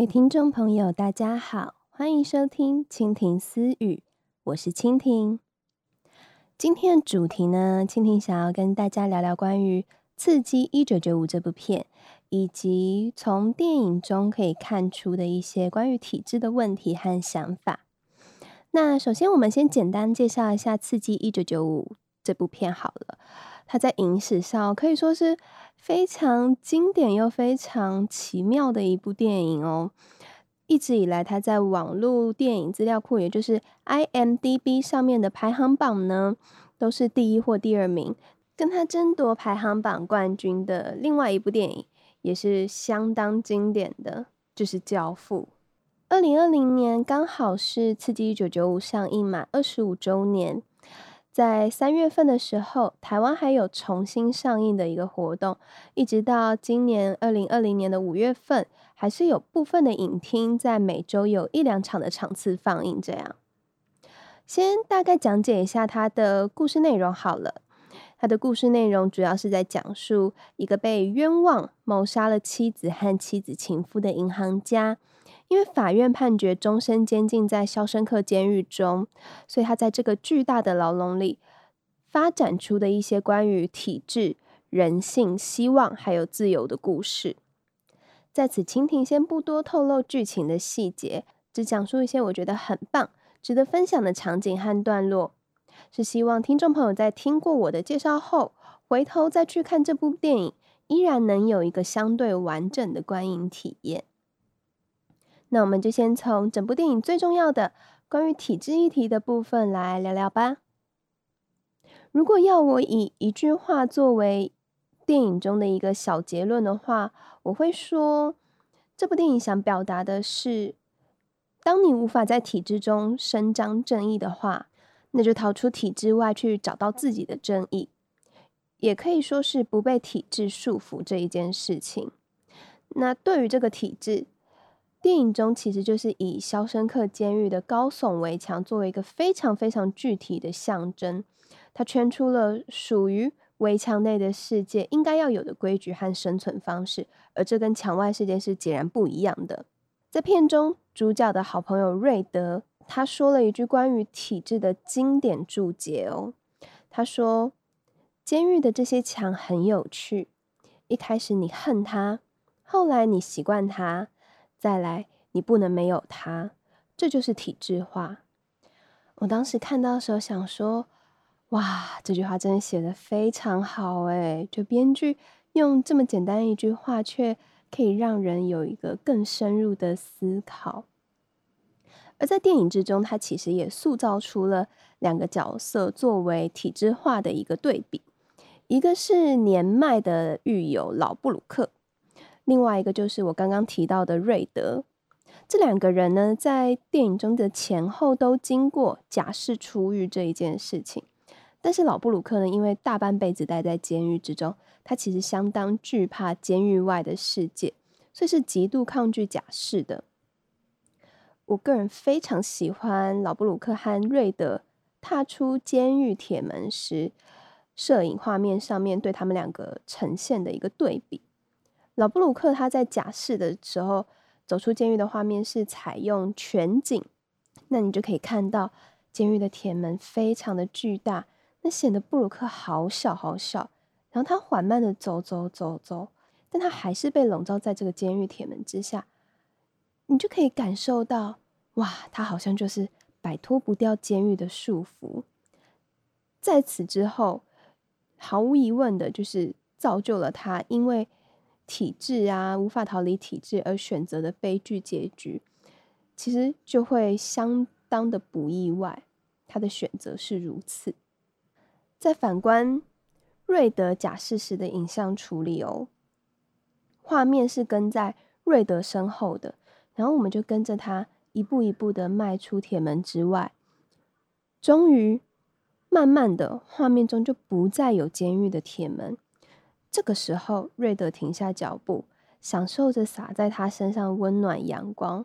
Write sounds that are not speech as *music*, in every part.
各位聽眾朋友，大家好，歡迎收聽《蜻蜓私語》，我是蜻蜓。今天的主題呢，蜻蜓想要跟大家聊聊關於《刺激一九九五》這部片，以及從電影中可以看出的一些關於體制的問題和想法。那首先，我們先簡單介紹一下《刺激一九九五》這部片，好了。它在影史上可以說是非常經典又非常奇妙的一部電影哦。一直以來，它在網絡電影資料庫，也就是 IMDB 上面的排行榜呢，都是第一或第二名。跟它爭奪排行榜冠軍的另外一部電影，也是相當經典的，就是《教父》。二零二零年剛好是《刺激1995》上映滿二十五周年。在三月份的時候，台灣還有重新上映的一個活動，一直到今年二零二零年的五月份，還是有部分的影廳在每周有一兩場的場次放映這樣。先大概講解一下它的故事內容好了。它的故事內容主要是在講述一個被冤枉謀殺了妻子和妻子情夫的銀行家。因為法院判決終身監禁在肖申克監獄中，所以他在這個巨大的牢籠裡發展出的一些關於體制、人性、希望還有自由的故事。在此，蜻蜓先不多透露劇情的細節，只講述一些我覺得很棒、值得分享的場景和段落。是希望聽眾朋友在聽過我的介紹後，回頭再去看這部電影，依然能有一個相對完整的觀影體驗。那我們就先從整部電影最重要的關於體制議題的部分來聊聊吧。如果要我以一句話作為電影中的一個小結論的話，我會說，這部電影想表達的是，當你無法在體制中伸張正義的話，那就逃出體制外去找到自己的正義，也可以說是不被體制束縛這一件事情。那對於這個體制。電影中其實就是以肖申克監獄的高聳圍牆作為一個非常非常具體的象徵，它圈出了屬於圍牆內的世界應該要有的規矩和生存方式，而這跟牆外世界是截然不一樣的。在片中，主角的好朋友瑞德，他說了一句關於體制的經典注解哦，他說：“監獄的這些牆很有趣，一開始你恨它，後來你習慣它。”再來，你不能沒有他，這就是體制化。我當時看到的時候，想說，哇，這句話真的寫得非常好誒，就編劇用這麼簡單一句話，卻可以讓人有一個更深入的思考。而在電影之中，它其實也塑造出了兩個角色作為體制化的一個對比，一個是年邁的獄友老布魯克。另外一個就是我剛剛提到的瑞德，這兩個人呢，在電影中的前後都經過假釋出獄這一件事情。但是老布魯克呢，因為大半輩子待在監獄之中，他其實相當懼怕監獄外的世界，所以是極度抗拒假釋的。我個人非常喜歡老布魯克和瑞德踏出監獄鐵門時，攝影畫面上面對他們兩個呈現的一個對比。老布魯克他在假釋的時候走出監獄的畫面是採用全景，那你就可以看到監獄的鐵門非常的巨大，那顯得布魯克好小好小。然後他緩慢的走走走走，但他還是被籠罩在這個監獄鐵門之下。你就可以感受到，哇，他好像就是擺脫不掉監獄的束縛。在此之後，毫無疑問的就是造就了他，因為。體制啊，無法逃離體制而選擇的悲劇結局，其實就會相當的不意外。他的選擇是如此。再反觀瑞德假釋時的影像處理哦，畫面是跟在瑞德身後的，然後我們就跟着他一步一步的邁出鐵門之外，終於，慢慢的畫面中就不再有監獄的鐵門。這個時候，瑞德停下腳步，享受着灑在他身上溫暖陽光。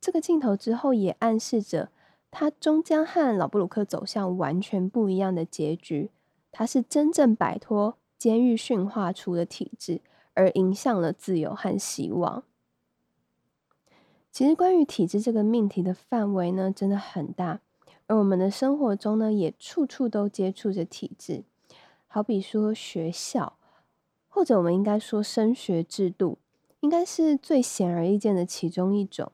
這個鏡頭之後，也暗示着他終將和老布魯克走向完全不一樣的結局。他是真正擺脫監獄馴化出的體制，而迎向了自由和希望。其實，關於體制這個命題的範圍呢，真的很大，而我們的生活中呢，也處處都接觸着體制。好比說學校，或者我們應該說升學制度，應該是最顯而易見的其中一種。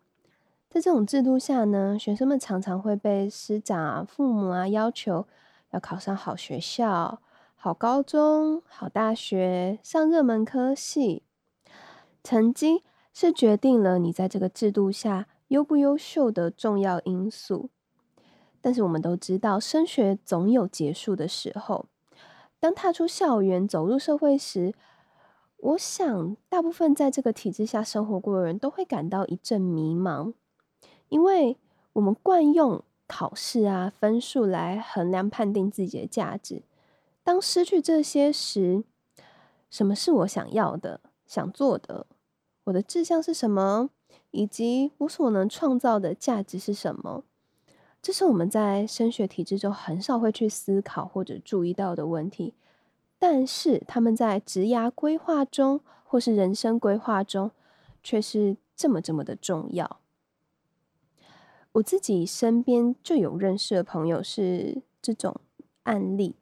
在這種制度下呢，學生們常常會被師長啊、父母啊要求要考上好學校、好高中、好大學、上熱門科系，成績是決定了你在這個制度下優不優秀的重要因素。但是我們都知道，升學總有結束的時候。當踏出校園走入社會時，我想大部分在這個體制下生活過的人都會感到一陣迷茫，因為我們慣用考試啊分數來衡量判定自己的價值，當失去這些時，什麼是我想要的、想做的？我的志向是什麼？以及我所能創造的價值是什麼？這是我們在升學體制中很少會去思考或者注意到的問題，但是他們在職涯規劃中或是人生規劃中卻是這麼這麼的重要。我自己身邊就有認識的朋友是這種案例，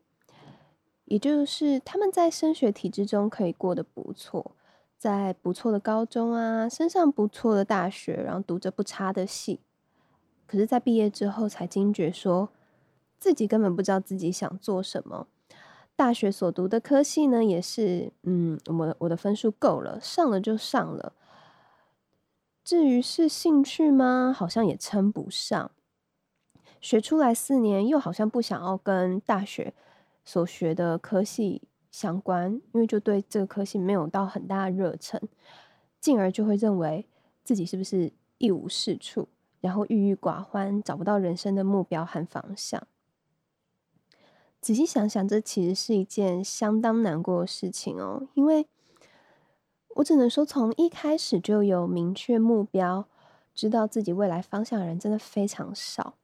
也就是他們在升學體制中可以過得不錯，在不錯的高中啊，升上不錯的大學，然後讀着不差的戲。可是，在畢業之後才驚覺，說自己根本不知道自己想做什麼。大學所讀的科系呢，也是，嗯，我的我的分數夠了，上了就上了。至於是興趣嗎？好像也稱不上。學出來四年，又好像不想要跟大學所學的科系相關，因為就對這個科系沒有到很大的熱忱，進而就會認為自己是不是一無是處。然後鬱鬱寡歡，找不到人生的目標和方向。仔細想想，這其實是一件相當難過的事情哦。因為我只能說，從一開始就有明確目標、知道自己未來方向的人，真的非常少。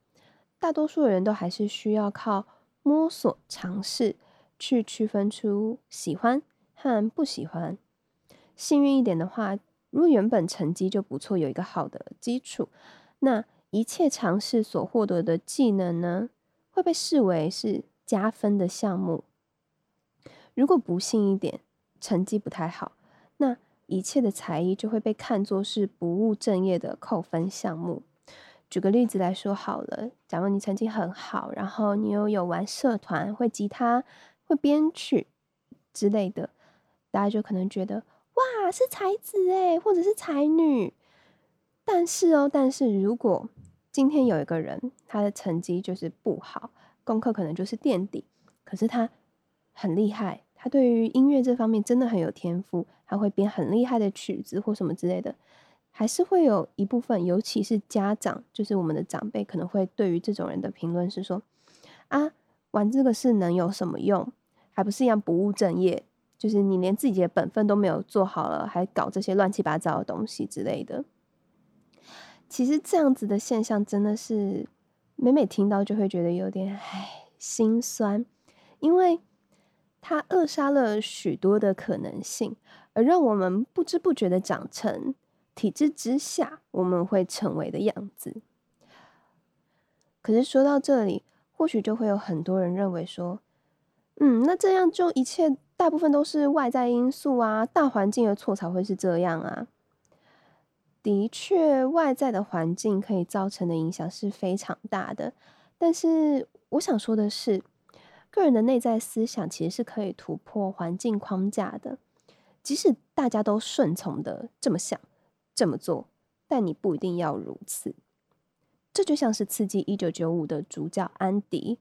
大多數的人都還是需要靠摸索、嘗試去區分出喜歡和不喜歡。幸運一點的話，如果原本成績就不錯，有一個好的基礎。那一切嘗試所獲得的技能呢，會被視為是加分的項目。如果不幸一點，成績不太好，那一切的才藝就會被看作是不務正業的扣分項目。舉個例子來說好了，假如你成績很好，然後你又有玩社團、會吉他、會編曲之類的，大家就可能覺得，哇，是才子誒，或者是才女。但是哦，但是如果今天有一個人，他的成績就是不好，功課可能就是墊底，可是他很厲害，他對於音樂這方面真的很有天賦，他會編很厲害的曲子或什麼之類的，還是會有一部分，尤其是家長，就是我們的長輩，可能會對於這種人的評論是說：啊，玩這個是能有什麼用？還不是一樣不務正業？就是你連自己的本分都沒有做好了，還搞這些亂七八糟的東西之類的。其實這樣子的現象真的是，每每聽到就會覺得有點唉心酸，因為他扼殺了許多的可能性，而讓我們不知不覺的長成體制之下我們會成為的樣子。可是說到這裡，或許就會有很多人認為說，嗯，那這樣就一切大部分都是外在因素啊，大環境的錯才會是這樣啊。的確，外在的環境可以造成的影響是非常大的。但是，我想說的是，個人的內在思想其實是可以突破環境框架的。即使大家都順從的這麼想、這麼做，但你不一定要如此。這就像是《刺激1995》的主角安迪，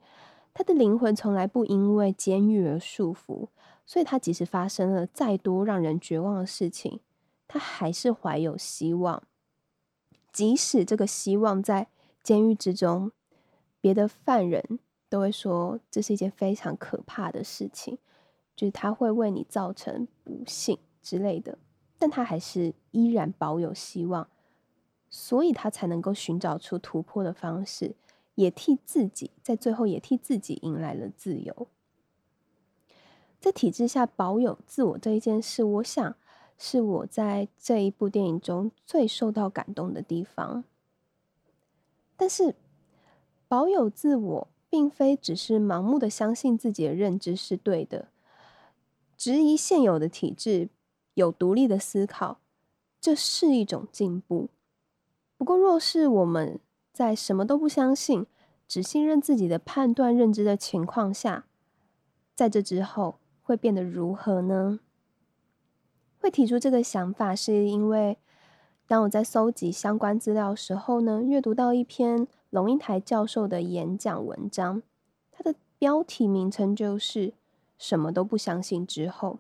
他的靈魂從來不因為監獄而束縛，所以他即使發生了再多讓人絕望的事情。他還是懷有希望，即使這個希望在監獄之中，別的犯人都會說，這是一件非常可怕的事情，就是他會為你造成不幸之類的，但他還是依然保有希望，所以他才能夠尋找出突破的方式，也替自己在最後也替自己迎來了自由。在體制下保有自我這一件事，我想。是我在這一部電影中最受到感動的地方。但是，保有自我並非只是盲目的相信自己的認知是對的，質疑現有的體制，有獨立的思考，這是一種進步。不過，若是我們在什麼都不相信，只信任自己的判斷認知的情況下，在這之後會變得如何呢？會提出這個想法，是因為當我在蒐集相關資料的時候呢，閱讀到一篇龍應台教授的演講文章，它的標題名稱就是“什麼都不相信之後”。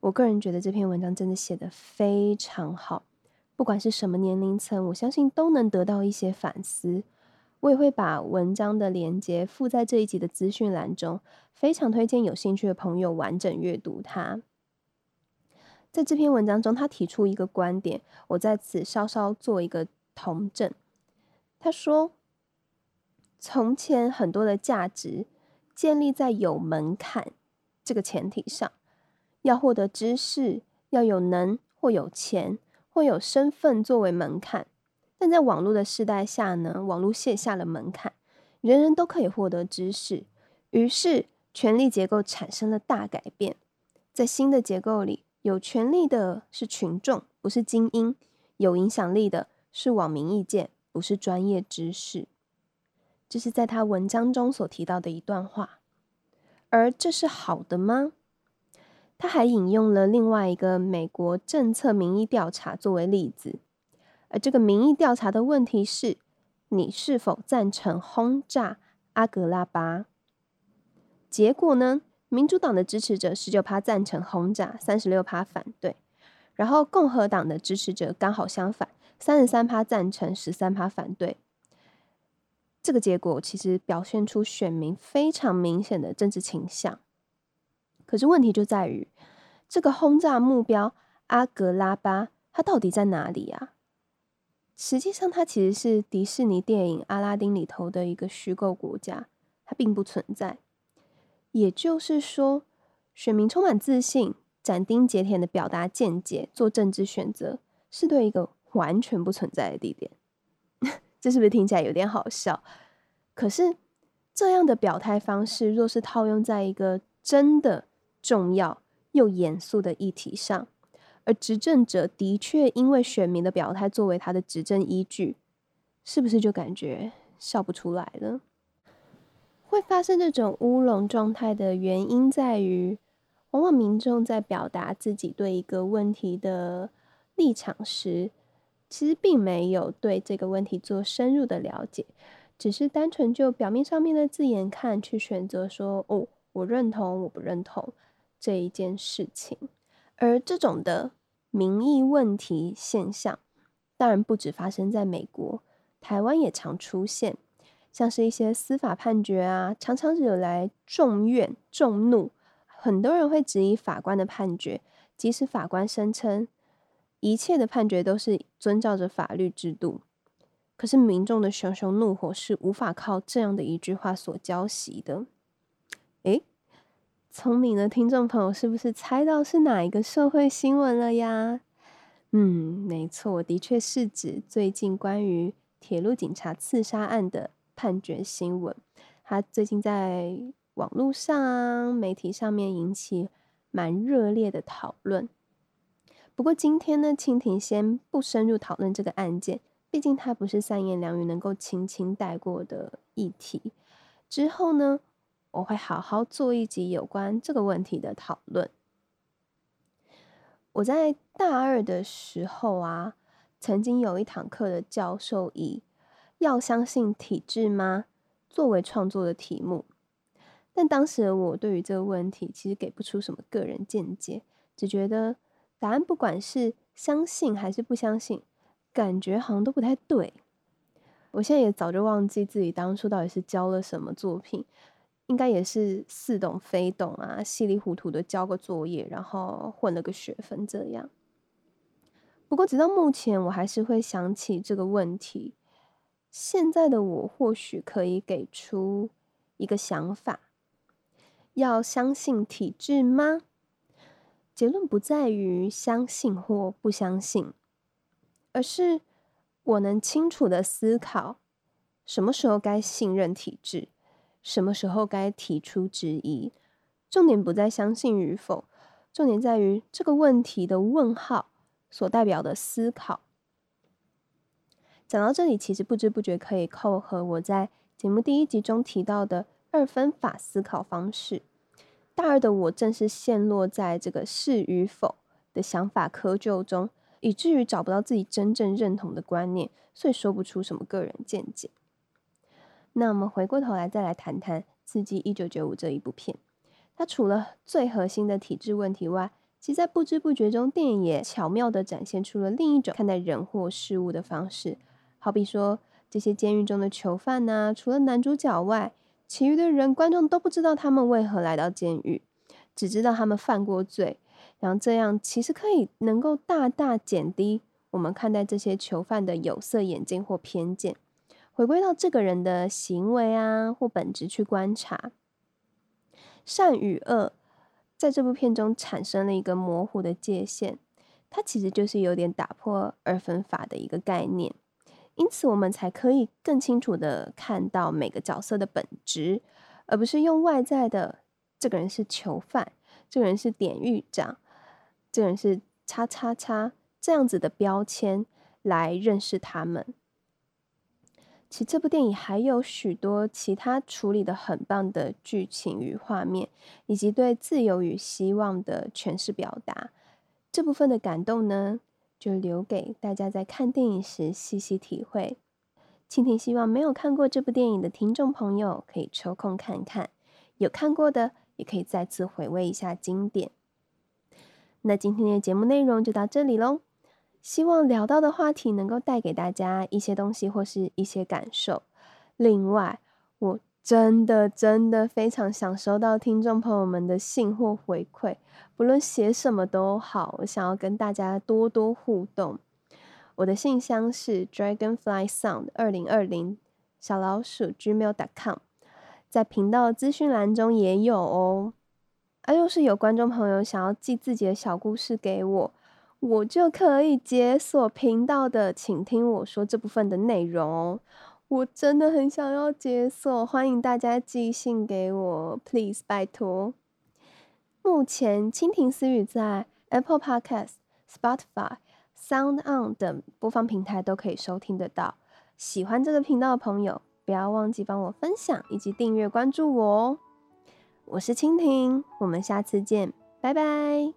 我個人覺得這篇文章真的寫得非常好，不管是什麼年齡層，我相信都能得到一些反思。我也會把文章的鏈接附在這一集的資訊欄中，非常推薦有興趣的朋友完整閱讀它。在這篇文章中，他提出一個觀點，我在此稍稍做一個統整。他說，從前很多的價值建立在有門檻這個前提上，要獲得知識，要有能或有錢或有身份作為門檻。但在網絡的世代下呢，網絡卸下了門檻，人人都可以獲得知識，於是權力結構產生了大改變。在新的結構裡，有權力的是群眾，不是精英；有影響力的是網民意見，不是專業知識。這是在他文章中所提到的一段話。而這是好的嗎？他還引用了另外一個美國政策民意調查作為例子，而這個民意調查的問題是：你是否贊成轟炸阿格拉巴？結果呢？民主黨的支持者十九趴贊成轟炸，三十六趴反對。然後共和黨的支持者剛好相反，三十三趴贊成，十三趴反對。這個結果其實表現出選民非常明顯的政治傾向。可是問題就在於，這個轟炸目標阿格拉巴它到底在哪裡啊？實際上，它其實是迪士尼電影《阿拉丁》裡頭的一個虛構國家，它並不存在。也就是說，選民充滿自信、斬釘截鐵的表達見解，做政治選擇，是對一個完全不存在的地點。 *laughs* 這是不是聽起來有點好笑？可是，這樣的表態方式若是套用在一個真的重要又嚴肅的議題上，而執政者的確因為選民的表態作為他的執政依據，是不是就感覺笑不出來了？會發生這種烏龍狀態的原因在於，往往民眾在表達自己對一個問題的立場時，其實並沒有對這個問題做深入的了解，只是單純就表面上面的字眼看去選擇說：“哦，我認同，我不認同這一件事情。”而這種的民意問題現象，當然不止發生在美國，台灣也常出現。像是一些司法判決啊，常常惹來眾怨眾怒，很多人會質疑法官的判決，即使法官聲稱一切的判決都是遵照着法律制度，可是民眾的熊熊怒火是無法靠這樣的一句話所澆熄的。誒、欸，聰明的聽眾朋友，是不是猜到是哪一個社會新聞了呀？嗯，沒錯，我的確是指最近關於鐵路警察刺殺案的。判決新聞，它最近在網絡上啊、媒體上面引起蠻熱烈的討論。不過今天呢，蜻蜓先不深入討論這個案件，畢竟它不是三言兩語能夠輕輕帶過的議題。之後呢，我會好好做一集有關這個問題的討論。我在大二的時候啊，曾經有一堂課的教授以。要相信體制嗎？作為創作的題目，但當時我對於這個問題其實給不出什麼個人見解，只覺得答案不管是相信還是不相信，感覺好像都不太對。我現在也早就忘記自己當初到底是交了什麼作品，應該也是似懂非懂啊，稀里糊塗的交個作業，然後混了個學分這樣。不過直到目前，我還是會想起這個問題。現在的我或許可以給出一個想法：要相信體制嗎？結論不在於相信或不相信，而是我能清楚地思考什麼時候該信任體制，什麼時候該提出質疑。重點不在相信與否，重點在於這個問題的問號所代表的思考。講到這裡，其實不知不覺可以扣合我在節目第一集中提到的二分法思考方式。大二的我正是陷落在這個是與否的想法窠臼中，以至於找不到自己真正認同的觀念，所以說不出什麼個人見解。那我們回過頭來再來談談《刺激1995》這一部片。它除了最核心的體制問題外，其實在不知不覺中，電影也巧妙地展現出了另一種看待人或事物的方式。好比說，這些監獄中的囚犯吶、啊，除了男主角外，其餘的人觀眾都不知道他們為何來到監獄，只知道他們犯過罪。然後這樣其實可以能夠大大減低我們看待這些囚犯的有色眼鏡或偏見，回歸到這個人的行為啊或本質去觀察。善與惡在這部片中產生了一個模糊的界限，它其實就是有點打破二分法的一個概念。因此，我們才可以更清楚地看到每個角色的本質，而不是用外在的“這個人是囚犯”、“這個人是典獄長”、“這個人是叉叉叉”這樣子的標籤來認識他們。其實這部電影還有許多其他處理得很棒的劇情與畫面，以及對自由與希望的詮釋表達。這部分的感動呢，就留給大家在看電影時細細體會。蜻蜓希望沒有看過這部電影的聽眾朋友可以抽空看看，有看過的也可以再次回味一下經典。那今天的節目內容就到這裡嘍，希望聊到的話題能夠帶給大家一些東西或是一些感受。另外，我。真的，真的非常想收到聽眾朋友們的信或回饋，不論寫什麼都好，我想要跟大家多多互動。我的信箱是 dragonflysound 二零二零小老鼠 gmail.com，在頻道資訊欄中也有哦。啊，要是有觀眾朋友想要寄自己的小故事給我，我就可以解鎖頻道的，請聽我說這部分的內容哦。我真的很想要解鎖，歡迎大家寄信給我，please，拜託。目前《蜻蜓私語》在 Apple Podcast、Spotify、Sound On 等播放平台都可以收聽得到。喜歡這個頻道的朋友，不要忘記幫我分享以及訂閱關注我哦。我是蜻蜓，我們下次見，拜拜。